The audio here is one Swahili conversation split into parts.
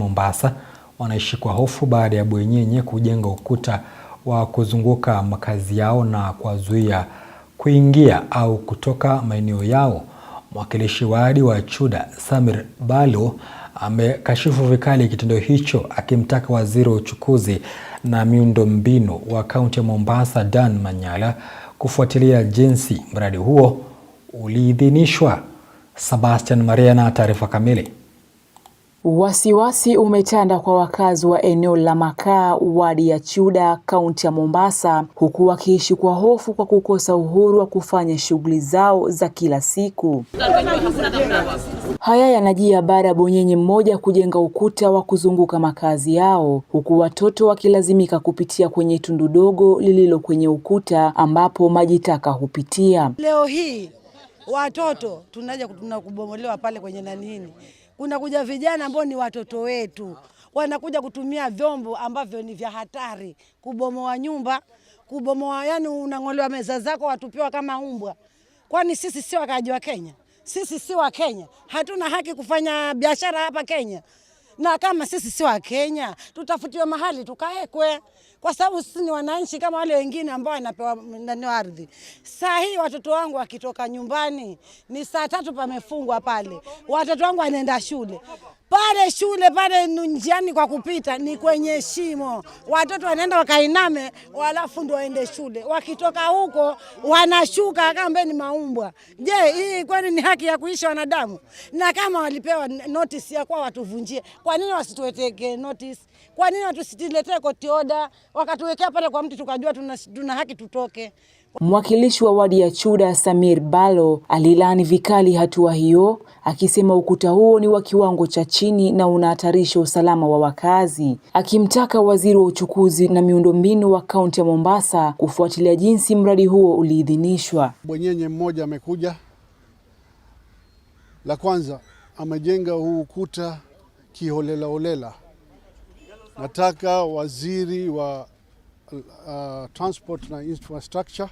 Mombasa wanaishi kwa hofu baada ya bwenyenye kujenga ukuta wa kuzunguka makazi yao na kuwazuia kuingia au kutoka maeneo yao. Mwakilishi wadi wa Chuda Samir Balo amekashifu vikali kitendo hicho akimtaka waziri wa uchukuzi na miundo mbinu wa kaunti ya Mombasa Dan Manyala kufuatilia jinsi mradi huo uliidhinishwa. Sebastian Maria na taarifa kamili. Wasiwasi umetanda kwa wakazi wa eneo la Makaa, wadi ya Chuda, kaunti ya Mombasa, huku wakiishi kwa hofu kwa kukosa uhuru wa kufanya shughuli zao za kila siku. Haya yanajia baada ya bonyenye mmoja kujenga ukuta wa kuzunguka makazi yao, huku watoto wakilazimika kupitia kwenye tundu dogo lililo kwenye ukuta ambapo maji taka hupitia. Leo hii watoto tunaja kubomolewa pale kwenye nanini kunakuja vijana ambao ni watoto wetu, wanakuja kutumia vyombo ambavyo ni vya hatari, kubomoa nyumba, kubomoa yani, unang'olewa meza zako, watupiwa kama umbwa. Kwani sisi si wakaaji wa Kenya? Sisi si wa Kenya? Hatuna haki kufanya biashara hapa Kenya? na kama sisi si wa Kenya tutafutiwa mahali tukaekwe, kwa sababu sisi ni wananchi kama wale wengine ambao wanapewa ndani ardhi. Saa hii watoto wangu wakitoka nyumbani ni saa tatu, pamefungwa pale, watoto wangu wanaenda shule pale shule pale njiani, kwa kupita ni kwenye shimo, watoto wanaenda wakainame, walafu ndio waende shule. Wakitoka huko wanashuka kambe ni maumbwa. Je, hii kwani ni haki ya kuishi wanadamu? Na kama walipewa notice ya kwa watuvunjie, kwa nini wasituweteke notice? Kwa nini watusiletee kotioda wakatuwekea pale kwa mti tukajua tuna, tuna haki tutoke. Mwakilishi wa wadi ya Chuda Samir Balo alilaani vikali hatua hiyo akisema ukuta huo ni wa kiwango cha chini na unahatarisha usalama wa wakazi, akimtaka waziri wa uchukuzi na miundombinu wa kaunti ya Mombasa kufuatilia jinsi mradi huo uliidhinishwa. Bwenyenye mmoja amekuja, la kwanza amejenga huu ukuta kiholelaholela. Nataka waziri wa uh, transport na infrastructure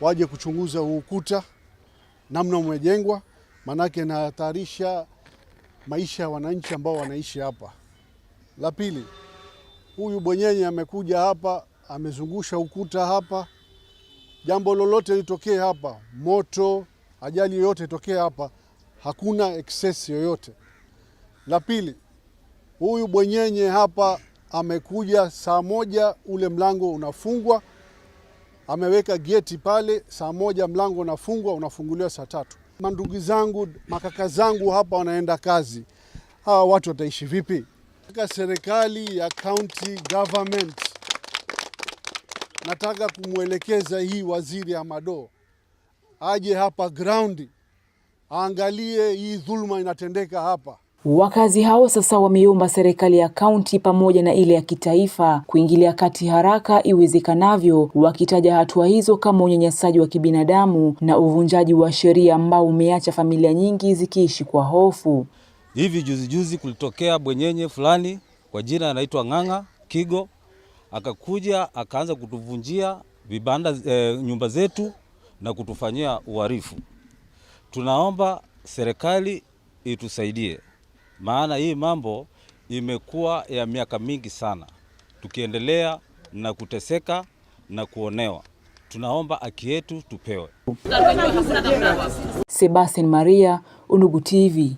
waje kuchunguza ukuta namna umejengwa, maanake inahatarisha maisha ya wananchi ambao wanaishi hapa. La pili, huyu bwenyenye amekuja hapa, amezungusha ukuta hapa, jambo lolote litokee hapa, moto, ajali yoyote itokee hapa, hakuna eksesi yoyote. La pili, huyu bwenyenye hapa amekuja saa moja, ule mlango unafungwa ameweka geti pale, saa moja mlango unafungwa, unafunguliwa saa tatu. Mandugu zangu makaka zangu hapa wanaenda kazi, hawa watu wataishi vipi? Nataka serikali ya county government, nataka kumwelekeza hii waziri ya aje hapa ground aangalie hii dhuluma inatendeka hapa. Wakazi hao sasa wameomba serikali ya kaunti pamoja na ile ya kitaifa kuingilia kati haraka iwezekanavyo, wakitaja hatua hizo kama unyanyasaji wa kibinadamu na uvunjaji wa sheria ambao umeacha familia nyingi zikiishi kwa hofu. Hivi juzi juzi kulitokea bwenyenye fulani kwa jina anaitwa Ng'ang'a Kigo, akakuja akaanza kutuvunjia vibanda e, nyumba zetu na kutufanyia uharifu Tunaomba serikali itusaidie maana hii mambo imekuwa ya miaka mingi sana tukiendelea na kuteseka na kuonewa. Tunaomba haki yetu tupewe. Sebastian Maria, Undugu TV.